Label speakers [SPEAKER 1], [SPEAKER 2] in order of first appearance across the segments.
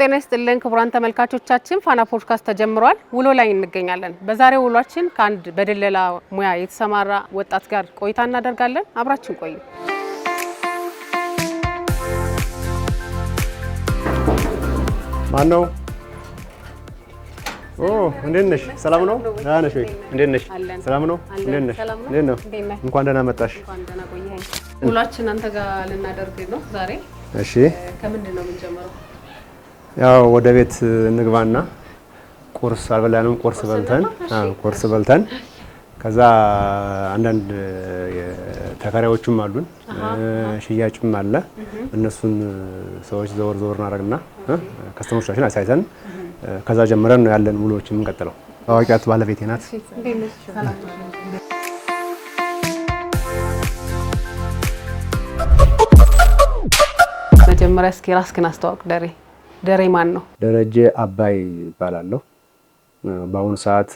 [SPEAKER 1] ሰላም ጤና ይስጥልን ክቡራን ተመልካቾቻችን፣ ፋና ፖድካስት ተጀምሯል። ውሎ ላይ እንገኛለን። በዛሬው ውሏችን ከአንድ በደለላ ሙያ የተሰማራ ወጣት ጋር ቆይታ እናደርጋለን። አብራችን ቆዩ።
[SPEAKER 2] ማን ነው? እንዴት ነሽ? ሰላም ነው? ደህና ነሽ ወይ? እንዴት ነሽ? ሰላም ነው? እንዴት ነሽ? እንዴት ነው? እንኳን ደህና መጣሽ።
[SPEAKER 1] ውሏችን አንተ ጋር ልናደርግ ነው ዛሬ። እሺ፣ ከምንድን ነው የምንጀምረው?
[SPEAKER 2] ያው ወደ ቤት እንግባና ቁርስ አልበላንም። ቁርስ በልተን ቁርስ በልተን ከዛ አንዳንድ ተከራዮቹም አሉን ሽያጭም አለ። እነሱን ሰዎች ዘወር ዘወር እናደርግና ከስተሞቻችን አሳይተን ከዛ ጀምረን ነው ያለን ውሎች የምንቀጥለው። ታዋቂያት ባለቤቴ ናት።
[SPEAKER 1] መጀመሪያ እስኪ ራስህን አስተዋውቅ ደሬ። ደሬ ማን ነው?
[SPEAKER 2] ደረጀ አባይ ይባላለሁ። በአሁኑ ሰዓት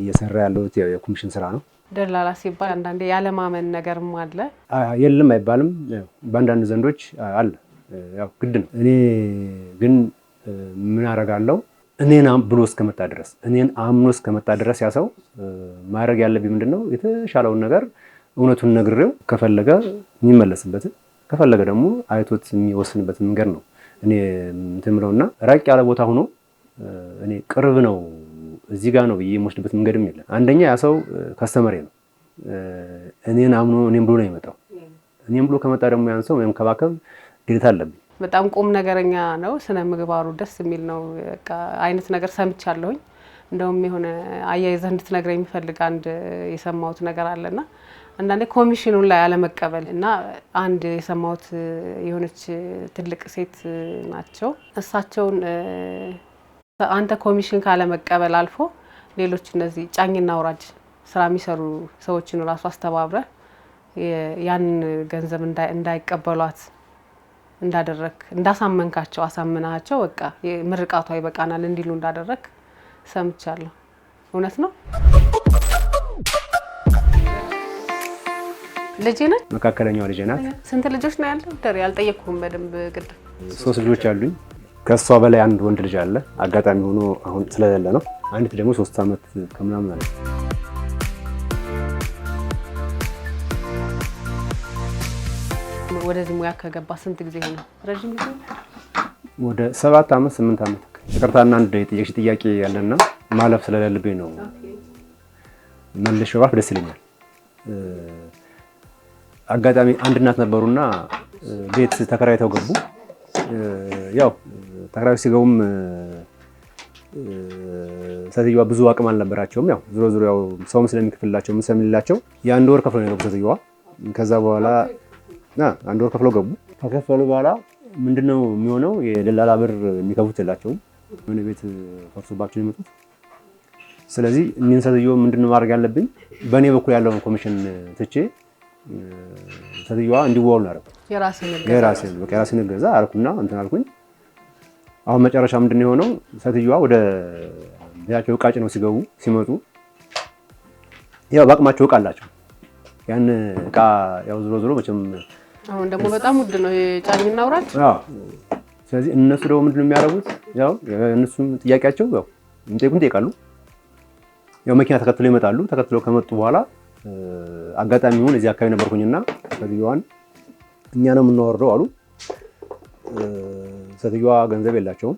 [SPEAKER 2] እየሰራ ያለሁት የኮሚሽን ስራ ነው።
[SPEAKER 1] ደላላ ሲባል አንዳንዴ ያለማመን ነገርም አለ።
[SPEAKER 2] የለም አይባልም። በአንዳንድ ዘንዶች አለ፣ ያው ግድ ነው። እኔ ግን ምን አደርጋለሁ እኔን ብሎ እስከመጣ ድረስ እኔን አምኖ እስከመጣ ድረስ ያ ሰው ማድረግ ያለብኝ ምንድን ነው? የተሻለውን ነገር እውነቱን ነግሬው ከፈለገ የሚመለስበትን ከፈለገ ደግሞ አይቶት የሚወስንበት መንገድ ነው። እኔ እንትን የምለውና ራቅ ያለ ቦታ ሆኖ እኔ ቅርብ ነው እዚህ ጋር ነው ብዬ የምወስድበት መንገድም የለም። አንደኛ ያ ሰው ከስተመሬ ነው። እኔን አምኖ እኔም ብሎ ነው የመጣው። እኔም ብሎ ከመጣ ደግሞ ያን ሰው መንከባከብ ግዴታ አለብኝ።
[SPEAKER 1] በጣም ቁም ነገረኛ ነው። ስነ ምግባሩ ደስ የሚል ነው። አይነት ነገር ሰምቻለሁኝ። እንደውም የሆነ አያይዘህ እንድትነግረኝ የሚፈልግ አንድ የሰማሁት ነገር አለና አንዳንዴ ኮሚሽኑን ላይ አለመቀበል እና አንድ የሰማሁት የሆነች ትልቅ ሴት ናቸው። እሳቸውን አንተ ኮሚሽን ካለመቀበል አልፎ ሌሎች እነዚህ ጫኝና አውራጅ ስራ የሚሰሩ ሰዎችን እራሱ አስተባብረ ያንን ገንዘብ እንዳይቀበሏት እንዳደረግ እንዳሳመንካቸው አሳምናቸው በቃ ምርቃቷ ይበቃናል እንዲሉ እንዳደረግ ሰምቻለሁ። እውነት ነው። ልጄ ናት፣
[SPEAKER 2] መካከለኛዋ ልጄ ናት።
[SPEAKER 1] ስንት ልጆች ነው ያለው? ደሬ አልጠየቅኩም በደንብ ቅድም።
[SPEAKER 2] ሶስት ልጆች አሉኝ። ከእሷ በላይ አንድ ወንድ ልጅ አለ። አጋጣሚ ሆኖ አሁን ስለሌለ ነው። አንዲት ደግሞ ሶስት ዓመት ከምናምን አለ።
[SPEAKER 1] ወደዚህ ሙያ ከገባ ስንት ጊዜ ሆነ? ረዥም ጊዜ
[SPEAKER 2] ወደ ሰባት ዓመት ስምንት ዓመት። ይቅርታና አንድ የጠየቅሽ ጥያቄ ያለና ማለፍ ስለሌለብኝ ነው መልሼ ደስ ይለኛል። አጋጣሚ አንድ እናት ነበሩና ቤት ተከራይተው ገቡ። ያው ተከራይ ሲገቡም ሴትዮዋ ብዙ አቅም አልነበራቸውም። ያው ዞሮ ዞሮ ያው ሰውም ስለሚከፍልላቸው ምን ስለሚላቸው የአንድ ወር ከፍለው ገቡ ሴትዮዋ። ከዛ በኋላ አንድ ወር ከፍለው ገቡ። ከከፈሉ በኋላ ምንድነው የሚሆነው? የደላላ ብር የሚከፉት የላቸውም። ሆነ ቤት ፈርሶባቸው የመጡት ስለዚህ እኒህን ሴትዮ ምንድነው ማድረግ ያለብኝ? በእኔ በኩል ያለውን ኮሚሽን ትቼ ሴትዮዋ እንዲዋሉ ነው ያደረኩት። የራሴን ገዛ አልኩና እንትን አልኩኝ። አሁን መጨረሻ ምንድን ነው የሆነው? ሴትዮዋ ወደ ቤታቸው እቃጭ ነው ሲገቡ ሲመጡ ያው በአቅማቸው እቃ አላቸው። ያን እቃ ያው ዝሮ ዝሮ መቼም
[SPEAKER 1] አሁን ደግሞ በጣም ውድ ነው የጫኝና አውራጭ።
[SPEAKER 2] ስለዚህ እነሱ ደግሞ ምንድን ነው የሚያደርጉት? ያው እነሱም ጥያቄያቸው ያው የሚጠይቁን ይጠይቃሉ። ያው መኪና ተከትሎ ይመጣሉ። ተከትሎ ከመጡ በኋላ አጋጣሚ ሆን እዚህ አካባቢ ነበርኩኝና ሴትዮዋን እኛ ነው የምናወርደው አሉ። ሴትዮዋ ገንዘብ የላቸውም።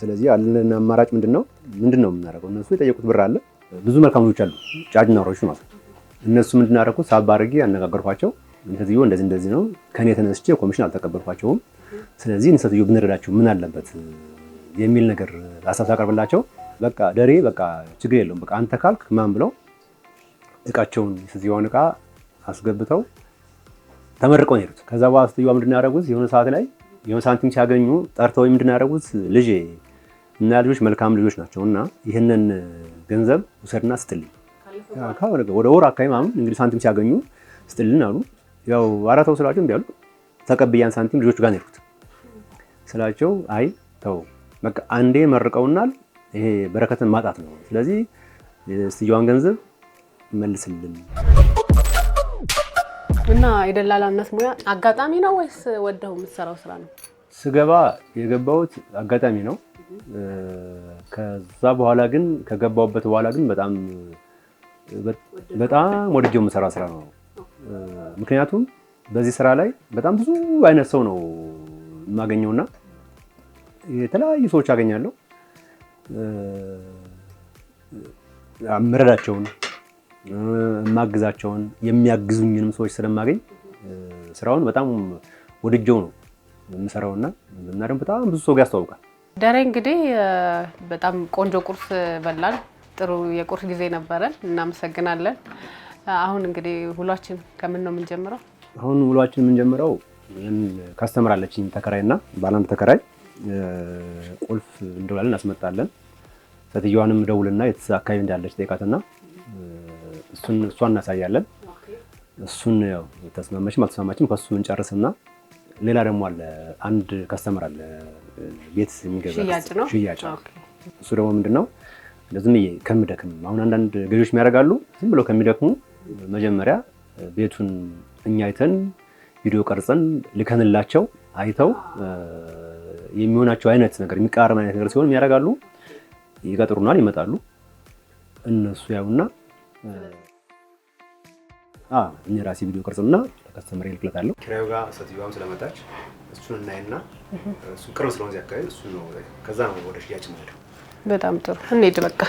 [SPEAKER 2] ስለዚህ ያለን አማራጭ ምንድን ነው ምንድን ነው የምናደርገው? እነሱ የጠየቁት ብር አለ። ብዙ መልካም አሉ፣ ጫጅ ናሮች ማለት እነሱ ምንድን አደረኩ? ሳባ አድርጌ ያነጋገርኳቸው እንሰትዮ እንደዚህ እንደዚህ ነው ከኔ የተነስቼ ኮሚሽን አልተቀበልኳቸውም። ስለዚህ ሴትዮ ብንረዳቸው ምን አለበት የሚል ነገር ሀሳብ ሳቀርብላቸው በቃ ደሬ በቃ ችግር የለውም በቃ አንተ ካልክ ማን ብለው እቃቸውን የስትዮዋን እቃ አስገብተው ተመርቀው ነው የሄዱት። ከዛ በኋላ ስትየዋ ምንድን ያደረጉት የሆነ ሰዓት ላይ የሆነ ሳንቲም ሲያገኙ ጠርተው ምንድን ያደረጉት ልጄ እና ልጆች መልካም ልጆች ናቸው እና ይህንን ገንዘብ ውሰድና ስጥልኝ ወደ ወር አካባቢ ምናምን እንግዲህ ሳንቲም ሲያገኙ ስጥልን አሉ። ያው አራተው ስላቸው እንዲያሉ ተቀብያን ሳንቲም ልጆቹ ጋር ነው የሄድኩት ስላቸው አይ ተው በቃ አንዴ መርቀውናል። ይሄ በረከትን ማጣት ነው። ስለዚህ ስትየዋን ገንዘብ መልስልን።
[SPEAKER 1] እና የደላላነት ሙያ አጋጣሚ ነው ወይስ ወደው የምትሰራው ስራ ነው?
[SPEAKER 2] ስገባ የገባሁት አጋጣሚ ነው። ከዛ በኋላ ግን ከገባሁበት በኋላ ግን በጣም በጣም ወድጄው የምሰራ ስራ ነው። ምክንያቱም በዚህ ስራ ላይ በጣም ብዙ አይነት ሰው ነው የማገኘውና የተለያዩ ሰዎች አገኛለሁ መረዳቸውን የማግዛቸውን የሚያግዙኝንም ሰዎች ስለማገኝ ስራውን በጣም ወድጀው ነው የምሰራውና እና ደግሞ በጣም ብዙ ሰው ያስተዋውቃል።
[SPEAKER 1] ደሬ እንግዲህ በጣም ቆንጆ ቁርስ በላን። ጥሩ የቁርስ ጊዜ ነበረን። እናመሰግናለን። አሁን እንግዲህ ውሏችን ከምን ነው የምንጀምረው?
[SPEAKER 2] አሁን ውሏችን የምንጀምረው ካስተመር አለችኝ ተከራይ እና ባላንድ ተከራይ ቁልፍ እንደውላለን እናስመጣለን። ሴትዮዋንም ደውልና የት አካባቢ እንዳለች ጠይቃትና እሱን እሷ እናሳያለን። እሱን ያው ተስማማችም አልተስማማችም ከሱ እንጨርስና ሌላ ደግሞ አለ። አንድ ከስተመር አለ ቤት የሚገዛ ሽያጭ ነው። እሱ ደግሞ ምንድነው ዝም ከሚደክም አሁን አንዳንድ ገዢዎች የሚያደርጋሉ ዝም ብለው ከሚደክሙ መጀመሪያ ቤቱን እኛ አይተን ቪዲዮ ቀርጸን ልከንላቸው አይተው የሚሆናቸው አይነት ነገር የሚቃረም አይነት ነገር ሲሆን የሚያደርጋሉ፣ ይቀጥሩናል፣ ይመጣሉ እነሱ ያውና እኔ ራሴ ቪዲዮ ቅርጽና ለከስተመር ይልክለታለሁ። ኪራዩ ጋር ሴትዮዋም ስለመጣች እሱን እናይና እሱ ቅርብ ስለሆነ አካባቢ እሱ ነው። ከዛ ነው ወደ ሽያጭ የምንሄደው።
[SPEAKER 1] በጣም ጥሩ እንሂድ በቃ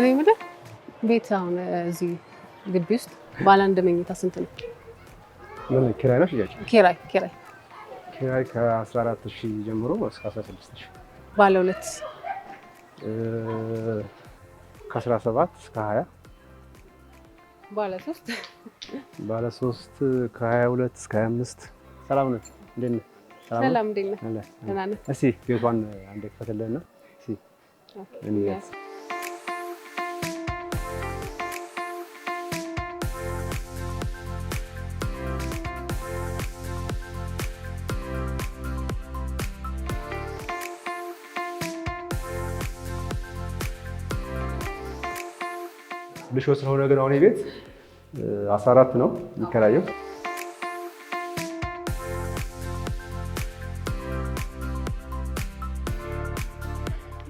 [SPEAKER 1] እኔ የምልህ ቤት አሁን እዚህ ግቢ ውስጥ ባለ አንድ መኝታ ስንት ነው?
[SPEAKER 2] ምን ኪራይ ነው ሽያጭ?
[SPEAKER 1] ኪራይ ኪራይ
[SPEAKER 2] ኪራይ ከ14 ሺህ ጀምሮ እስከ 16 ሺህ ባለ ሁለት ከ17 እስከ 20 ባለ ሶስት ባለ ሶስት ከ22 እስከ 25። ሰላም ነው። እንዴት ነህ?
[SPEAKER 1] ሰላም። እንዴት ነህ? ደህና ነህ?
[SPEAKER 2] እስኪ ቤቷን አንዴ እኔ ልሾ ስለሆነ ግን አሁን ቤት አስራ አራት ነው የሚከራየው።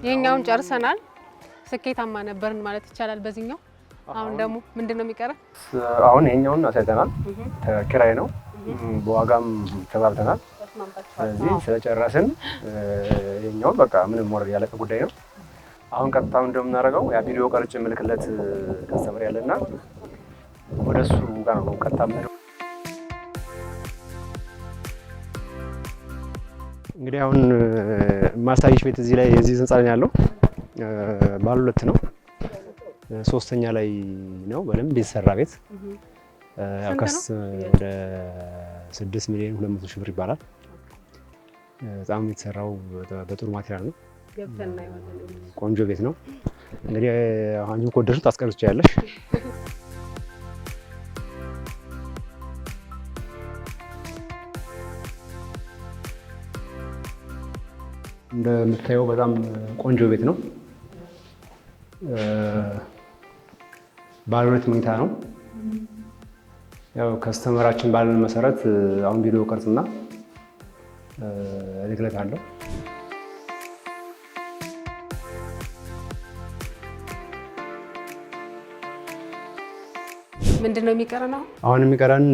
[SPEAKER 1] የኛውን ጨርሰናል። ስኬታማ ነበርን ማለት ይቻላል በዚህኛው። አሁን ደግሞ ምንድን ነው የሚቀረ?
[SPEAKER 2] አሁን ይሄኛውን አሳይተናል። ክራይ ነው፣ በዋጋም ተባብተናል። ስለዚህ ስለጨረስን ይሄኛውን በቃ ምንም ወር ያለቀ ጉዳይ ነው። አሁን ቀጥታ እንደምናደርገው ያ ቪዲዮ ቀርጭ ምልክለት ከስተምር ያለና ወደ እሱ ጋር ነው ቀጥታ እንግዲህ አሁን ማሳይሽ ቤት እዚህ ላይ የዚህ ህንፃ ያለው ባለ ሁለት ነው። ሶስተኛ ላይ ነው በደንብ የተሰራ ቤት ከስ ወደ 6 ሚሊዮን 200 ሺህ ብር ይባላል። በጣም የተሰራው በጥሩ ማቴሪያል ነው። ቆንጆ ቤት ነው እንግዲህ አሁን ኮደርሱ ታስቀርጭ እንደምታየው በጣም ቆንጆ ቤት ነው። ባለ መኝታ ነው። ያው ከስተመራችን ባለን መሰረት አሁን ቪዲዮ ቀርጽና አለው።
[SPEAKER 1] ምንድን ነው የሚቀረን?
[SPEAKER 2] አሁን የሚቀረን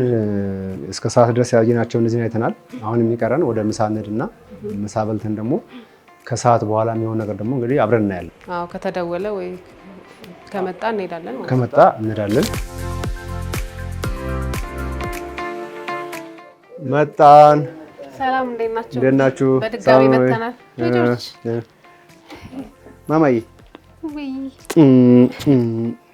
[SPEAKER 2] እስከ ሰዓት ድረስ ያየናቸው እነዚህን አይተናል። አሁን የሚቀረን ወደ ምሳ እንሂድ እና ምሳ በልተን ደግሞ ከሰዓት በኋላ የሚሆን ነገር ደግሞ እንግዲህ አብረን እናያለን።
[SPEAKER 1] አዎ ከተደወለ ወይ ከመጣ እንሄዳለን።
[SPEAKER 2] ከመጣ እንሄዳለን። መጣን።
[SPEAKER 1] ሰላም፣ እንዴት ናችሁ? እንዴት ናችሁ? በድጋሚ መጥተናል። ልጆች ማማዬ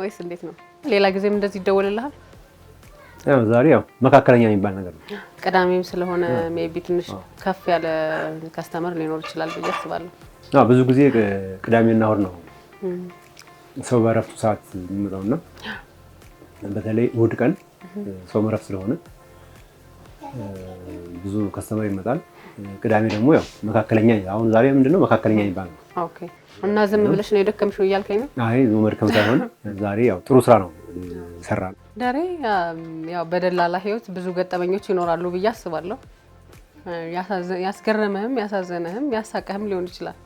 [SPEAKER 1] ወይስ እንዴት ነው? ሌላ ጊዜም እንደዚህ ይደወልልሃል?
[SPEAKER 2] ያው ዛሬ ያው መካከለኛ የሚባል ነገር ነው።
[SPEAKER 1] ቅዳሜም ስለሆነ ሜቢ ትንሽ ከፍ ያለ ከስተመር ሊኖር ይችላል ብዬ አስባለሁ።
[SPEAKER 2] አዎ ብዙ ጊዜ ቅዳሜና እሑድ ነው ሰው በረፍቱ ሰዓት እና በተለይ እሑድ ቀን ሰው መረፍ ስለሆነ ብዙ ከስተመር ይመጣል። ቅዳሜ ደግሞ ያው መካከለኛ አሁን ዛሬ ምንድነው መካከለኛ ነው።
[SPEAKER 1] ኦኬ እና ዝም ብለሽ ነው የደከምሽው እያልከኝ ነው?
[SPEAKER 2] አይ መድከም ሳይሆን ዛሬ ያው ጥሩ ስራ ነው ሰራ ነው።
[SPEAKER 1] ያው በደላላ ህይወት ብዙ ገጠመኞች ይኖራሉ ብዬ አስባለሁ። ያስገረመህም፣ ያሳዘነህም፣ ያሳቀህም ሊሆን ይችላል።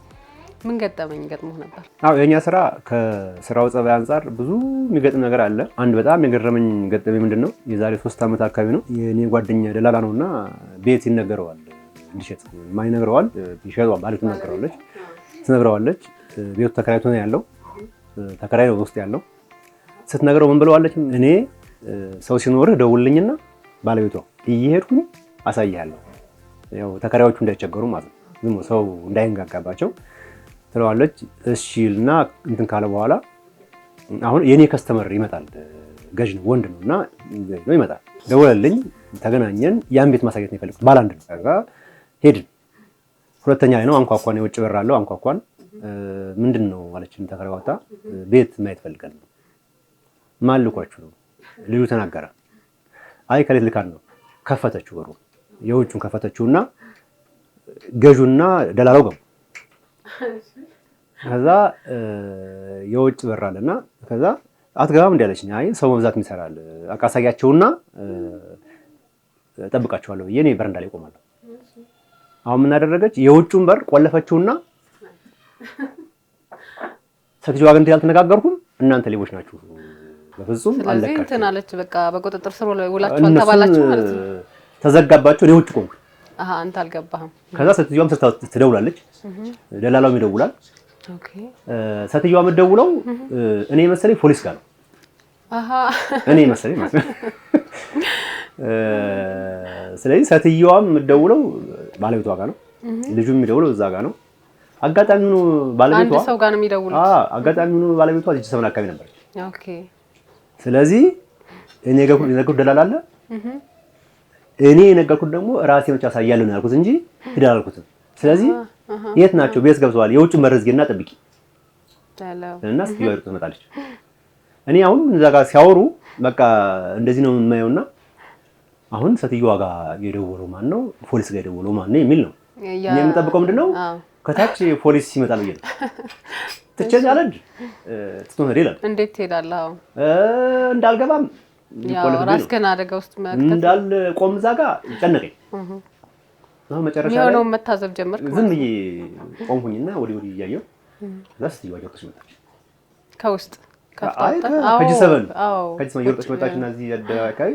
[SPEAKER 1] ምን ገጠመኝ ገጥሞ ነበር?
[SPEAKER 2] አዎ የእኛ ስራ ከስራው ጸባይ አንጻር ብዙ የሚገጥም ነገር አለ። አንድ በጣም የገረመኝ ገጠመኝ ምንድን ነው፣ የዛሬ ሶስት ዓመት አካባቢ ነው። የእኔ ጓደኛ ደላላ ነው እና ቤት ይነገረዋል እንዲሸጥ ማን ይነግረዋል? ሸጧ ማለት ትነግረዋለች ትነግረዋለች ቤቱ ተከራይቶ ነው ያለው። ተከራይ ነው ውስጥ ያለው። ስትነግረው ምን ብለዋለች? እኔ ሰው ሲኖር ደውልኝና ባለቤቷ እየሄድኩኝ አሳያለሁ። ያው ተከራዮቹ እንዳይቸገሩ ማለት ነው፣ ዝም ሰው እንዳይንጋጋባቸው ትለዋለች። እሺ እና እንትን ካለ በኋላ አሁን የኔ ከስተመር ይመጣል፣ ገዥ ነው፣ ወንድ ነው እና ነው ይመጣል። ደወለልኝ፣ ተገናኘን። ያን ቤት ማሳየት ነው የፈለግኩት፣ ባለ አንድ ነው። ሄድን። ሁለተኛ ላይ ነው አንኳኳን፣ የውጭ በር አለው አንኳኳን። ምንድን ነው ማለችን። ተከራዋታ ቤት ማየት ፈልገን ነው ማን ልኳችሁ ነው? ልጁ ተናገረ። አይ ከሌት ልካን ነው። ከፈተችው በሩ የውጩን ከፈተችውና ገዡና ደላላው ገቡ። ከዛ የውጭ በር አለና ከዛ አትገባም እንዲያለችኝ፣ አይ ሰው መብዛት ይሰራል አቃሳያቸውና ጠብቃቸዋለሁ ብዬ እኔ በረንዳ ላይ እቆማለሁ። አሁን ምን አደረገች? የውጩን በር ቆለፈችውና ሴትዮዋ ግን ያልተነጋገርኩም እናንተ ሌቦች ናችሁ፣ በፍጹም
[SPEAKER 1] አለቃችሁ። እንትን አለች በቃ በቁጥጥር ስር ውላችኋል ተባላችሁ ማለት
[SPEAKER 2] ተዘጋባችሁ። እኔ ውጭ ቆምኩ።
[SPEAKER 1] አሀ አንተ አልገባህም።
[SPEAKER 2] ከዛ ሴትዮዋም ስልክ ትደውላለች፣ ደላላውም ይደውላል። ኦኬ ሴትዮዋ የምትደውለው እኔ መሰለኝ ፖሊስ ጋር ነው። አሀ እኔ መሰለኝ ማለት ነው። ስለዚህ ሴትዮዋም የምትደውለው ባለቤቷ ጋር ነው። ልጁም የሚደውለው እዛ ጋር ነው። አጋጣሚ ሆኖ ባለቤቷ አንድ
[SPEAKER 1] ሰው ጋር ነው የሚደውሉት።
[SPEAKER 2] አዎ አጋጣሚ ሆኖ ባለቤቷ እዚህ ሰብን አካባቢ ነበረች። ኦኬ። ስለዚህ እኔ የነገርኩት ደላላ አለ። እኔ የነገርኩት ደግሞ ራሴ ብቻ አሳያለሁ ነው ያልኩት እንጂ ሂድ አላልኩትም። ስለዚህ የት ናቸው? ቤት ገብተዋል። የውጭ መረዝጌና ጠብቂ እና ስትዩ አይሩት ትመጣለች። እኔ አሁን እዛ ጋር ሲያወሩ በቃ እንደዚህ ነው የምናየውና አሁን ሴትዮዋ ጋር የደወለው ማን ነው? ፖሊስ ጋር የደወለው ማን ነው የሚል ነው። እኔ የምጠብቀው ምንድን ነው ከታች ፖሊስ ይመጣል ብዬ ነው። ትቸኛለህ ትቶን ሄደህ ይላል።
[SPEAKER 1] እንዴት ትሄዳለህ? እንዳልገባም ራስህን አደጋ ውስጥ
[SPEAKER 2] እንዳል ቆም እዛ ጋር ይጨነቀኝ።
[SPEAKER 1] መጨረሻ የሆነውን መታዘብ ጀመር።
[SPEAKER 2] ዝም ብዬ ቆምኩኝና ወዲ ወዲ እያየሁ እዛ ስትየው አየኋት። መጣች ከውስጥ ከእጅ ሰበን ከእጅ ሰበን እየወጣች መጣች እና እዚህ አካባቢ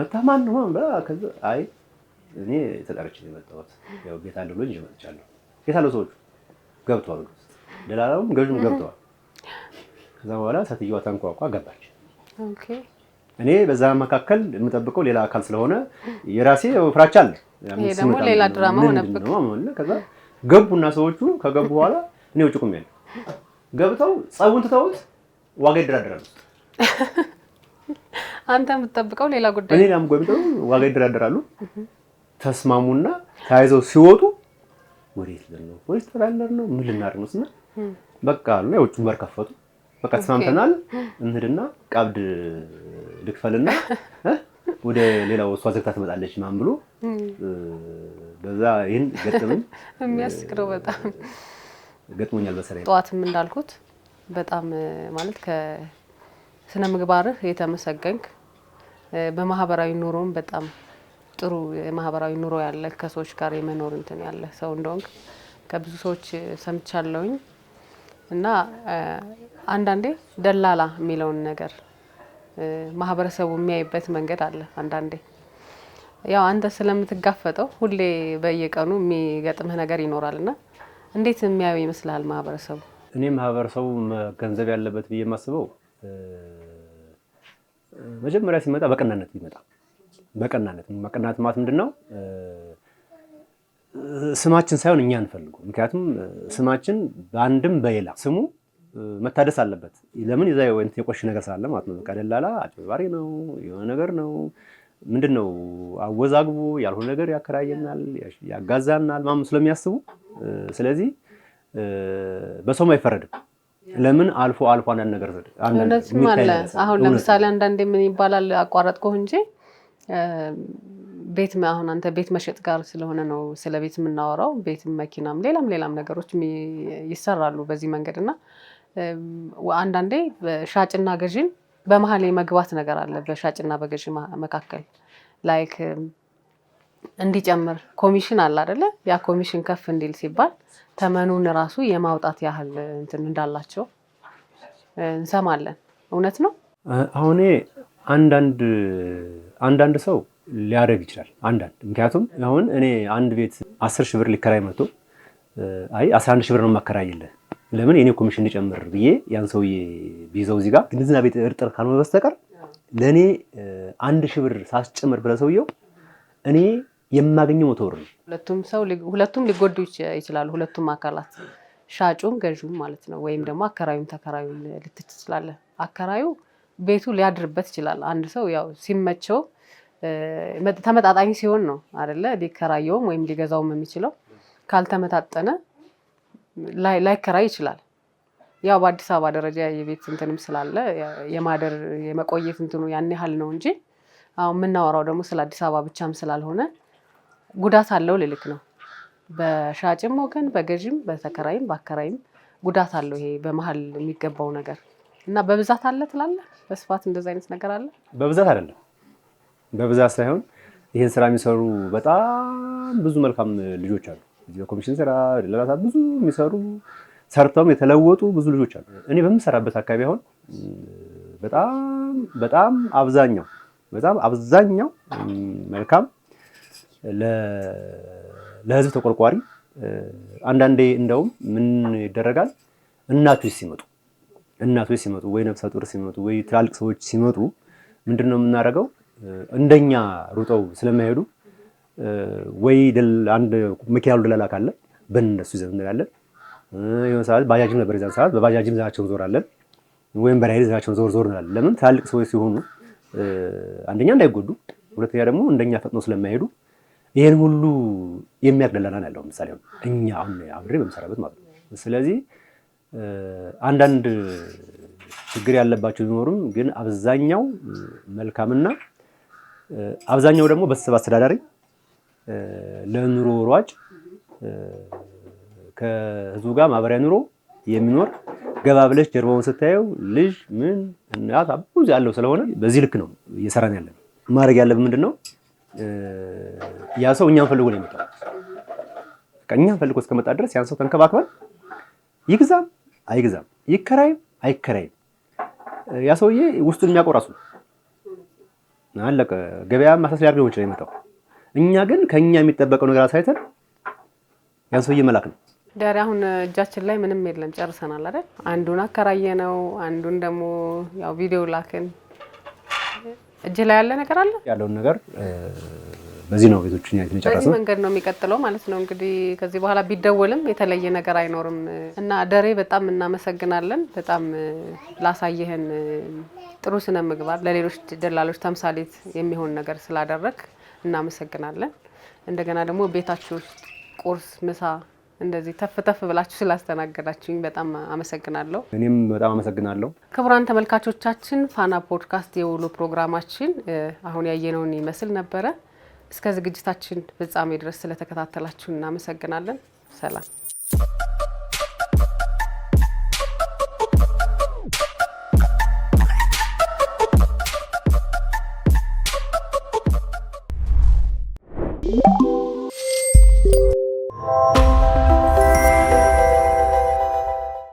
[SPEAKER 2] መታ ማን ሆን አይ እኔ ተጠርቼ የመጣሁት ያው ጌታ አለ ብሎኝ መጥቻለሁ የት አሉ ሰዎቹ? ገብተዋል። ደላላውም ገዥም ገብተዋል። ከዛ በኋላ ሴትዮዋ ተንኳኳ፣ ገባች። እኔ በዛ መካከል የምጠብቀው ሌላ አካል ስለሆነ የራሴ ፍራቻ አለ። ከዛ ገቡና ሰዎቹ ከገቡ በኋላ እኔ ውጭ ቁሜ ነው ገብተው ጸቡን ትተውት ዋጋ ይደራደራሉ።
[SPEAKER 1] አንተ የምትጠብቀው ሌላ ጉዳይ፣
[SPEAKER 2] እኔ ሌላ ዋጋ ይደራደራሉ። ተስማሙና ተያይዘው ሲወጡ ወዴት ልንለው ፖሊስ ተላልደር ነው ምን ልናደርግ ነው ስንል በቃ አሉና የውጭውን በር ከፈቱ። በቃ ተስማምተናል፣ እንሂድና ቀብድ ልክፈልና ወደ ሌላው እሷ ዘግታ ትመጣለች ምናምን ብሎ በዛ ይህን ገጥምኝ
[SPEAKER 1] የሚያስቅረው በጣም ገጥሞኛል። በሰራ ጠዋትም እንዳልኩት በጣም ማለት ከስነ ምግባርህ የተመሰገንክ በማህበራዊ ኑሮም በጣም ጥሩ የማህበራዊ ኑሮ ያለ ከሰዎች ጋር የመኖር እንትን ያለ ሰው እንደሆን ከብዙ ሰዎች ሰምቻለሁኝ። እና አንዳንዴ ደላላ የሚለውን ነገር ማህበረሰቡ የሚያይበት መንገድ አለ። አንዳንዴ ያው አንተ ስለምትጋፈጠው ሁሌ በየቀኑ የሚገጥምህ ነገር ይኖራል እና እንዴት የሚያዩ ይመስልሃል ማህበረሰቡ?
[SPEAKER 2] እኔ ማህበረሰቡ መገንዘብ ያለበት ብዬ የማስበው መጀመሪያ ሲመጣ በቀናነት ቢመጣ መቀናነት መቀናነት ማለት ምንድን ነው? ስማችን ሳይሆን እኛ እንፈልጉ። ምክንያቱም ስማችን በአንድም በሌላ ስሙ መታደስ አለበት። ለምን የዛ የቆሽ ነገር ስላለ ማለት ነው። ቀደላላ ደላላ አጭበርባሪ ነው፣ የሆነ ነገር ነው ምንድን ነው አወዛግቦ ያልሆነ ነገር ያከራየናል፣ ያጋዛናል ማም ስለሚያስቡ ስለዚህ በሰውም አይፈረድም። ለምን አልፎ አልፎ አንዳንድ ነገር
[SPEAKER 1] አሁን ለምሳሌ አንዳንዴ ምን ይባላል አቋረጥኩህ እንጂ ቤት አሁን አንተ ቤት መሸጥ ጋር ስለሆነ ነው ስለ ቤት የምናወራው። ቤትም መኪናም፣ ሌላም ሌላም ነገሮች ይሰራሉ በዚህ መንገድ እና አንዳንዴ ሻጭና ገዥን በመሀል የመግባት ነገር አለ በሻጭና በገዥ መካከል ላይክ እንዲጨምር ኮሚሽን አለ አደለ? ያ ኮሚሽን ከፍ እንዲል ሲባል ተመኑን ራሱ የማውጣት ያህል እንትን እንዳላቸው እንሰማለን። እውነት ነው።
[SPEAKER 2] አሁኔ አንዳንድ አንዳንድ ሰው ሊያደርግ ይችላል። አንዳንድ ምክንያቱም አሁን እኔ አንድ ቤት አስር ሺህ ብር ሊከራይ መቶ አይ አስራ አንድ ሺህ ብር ነው የማከራይልህ ለምን የኔ ኮሚሽን ጨምር ብዬ ያን ሰውዬ ቢይዘው እዚህ ጋር ግንዝና ቤት እርጥር ካልሆነ በስተቀር ለእኔ አንድ ሺህ ብር ሳስጨምር ብለህ ሰውየው እኔ የማገኘው መቶ ብር ነው።
[SPEAKER 1] ሁለቱም ሰው ሁለቱም ሊጎዱ ይችላሉ። ሁለቱም አካላት ሻጩም ገዥም ማለት ነው። ወይም ደግሞ አከራዩም ተከራዩም ልትች ትችላለህ። አከራዩ ቤቱ ሊያድርበት ይችላል። አንድ ሰው ያው ሲመቸው ተመጣጣኝ ሲሆን ነው አደለ ሊከራየውም ወይም ሊገዛውም የሚችለው። ካልተመጣጠነ ላይከራይ ይችላል። ያው በአዲስ አበባ ደረጃ የቤት እንትንም ስላለ የማደር የመቆየት እንትኑ ያን ያህል ነው እንጂ አሁን የምናወራው ደግሞ ስለ አዲስ አበባ ብቻም ስላልሆነ ጉዳት አለው ልልክ ነው። በሻጭም ወገን በገዥም በተከራይም በአከራይም ጉዳት አለው ይሄ በመሀል የሚገባው ነገር እና በብዛት አለ ትላለ በስፋት እንደዛ አይነት ነገር አለ?
[SPEAKER 2] በብዛት አይደለም፣ በብዛት ሳይሆን ይህን ስራ የሚሰሩ በጣም ብዙ መልካም ልጆች አሉ። በኮሚሽን ስራ ለራሳ ብዙ የሚሰሩ ሰርተውም የተለወጡ ብዙ ልጆች አሉ። እኔ በምሰራበት አካባቢ አሁን በጣም በጣም አብዛኛው በጣም አብዛኛው መልካም ለህዝብ ተቆርቋሪ አንዳንዴ እንደውም ምን ይደረጋል እናቱ ሲመጡ እናቶች ሲመጡ ወይ ነፍሰ ጡር ሲመጡ ወይ ትላልቅ ሰዎች ሲመጡ ምንድን ነው የምናደርገው? እንደኛ ሩጠው ስለማይሄዱ ወይ አንድ መኪና ደላላ ካለ በእነሱ ይዘን እንላለን። የሆነ ሰዓት ባጃጅም ነበር፣ የዛን ሰዓት በባጃጅም ይዘናቸውን ዞራለን፣ ወይም በራይድ ይዘናቸውን ዞር ዞር እንላለን። ለምን ትላልቅ ሰዎች ሲሆኑ አንደኛ እንዳይጎዱ፣ ሁለተኛ ደግሞ እንደኛ ፈጥነው ስለማይሄዱ ይህን ሁሉ የሚያክደላናን ያለው ምሳሌ እኛ አሁን አብሬ በምሰራበት ማለት ነው። ስለዚህ አንዳንድ ችግር ያለባቸው ቢኖሩም ግን አብዛኛው መልካምና አብዛኛው ደግሞ በተሰብ አስተዳዳሪ ለኑሮ ሯጭ ከህዝቡ ጋር ማበሪያ ኑሮ የሚኖር ገባ ብለሽ ጀርባውን ስታየው ልጅ ምን እናት ብዙ ያለው ስለሆነ በዚህ ልክ ነው እየሰራን ያለ። ማድረግ ያለብን ምንድን ነው? ያ ሰው እኛን ፈልጎ ነው የመጣው። እኛን ፈልጎ እስከመጣ ድረስ ያን ሰው ተንከባክበን ይግዛም አይግዛም። ይከራይም አይከራይም ያ ሰውዬ ውስጡን የሚያውቀው ራሱ አለቀ። ገበያ ማሳስ ሊያደርግ ነው የሚመጣው። እኛ ግን ከኛ የሚጠበቀው ነገር አሳይተን ያን ሰውዬ መላክ ነው።
[SPEAKER 1] ዳሪ አሁን እጃችን ላይ ምንም የለም፣ ጨርሰናል አይደል? አንዱን አከራየ ነው፣ አንዱን ደግሞ ያው ቪዲዮ ላክን። እጅ ላይ ያለ ነገር አለ
[SPEAKER 2] ያለውን ነገር በዚህ ነው ቤቶችን ያይተን
[SPEAKER 1] ጨረስን። በዚህ መንገድ ነው የሚቀጥለው ማለት ነው። እንግዲህ ከዚህ በኋላ ቢደወልም የተለየ ነገር አይኖርም እና ደሬ በጣም እናመሰግናለን። በጣም ላሳየህን ጥሩ ስነ ምግባር ለሌሎች ደላሎች ተምሳሌት የሚሆን ነገር ስላደረግ እናመሰግናለን። እንደገና ደግሞ ቤታችሁ ውስጥ ቁርስ፣ ምሳ እንደዚህ ተፍ ተፍ ብላችሁ ስላስተናገዳችሁኝ በጣም አመሰግናለሁ።
[SPEAKER 2] እኔም በጣም አመሰግናለሁ።
[SPEAKER 1] ክቡራን ተመልካቾቻችን ፋና ፖድካስት የውሎ ፕሮግራማችን አሁን ያየነውን ይመስል ነበረ። እስከ ዝግጅታችን ፍጻሜ ድረስ ስለተከታተላችሁ እናመሰግናለን። ሰላም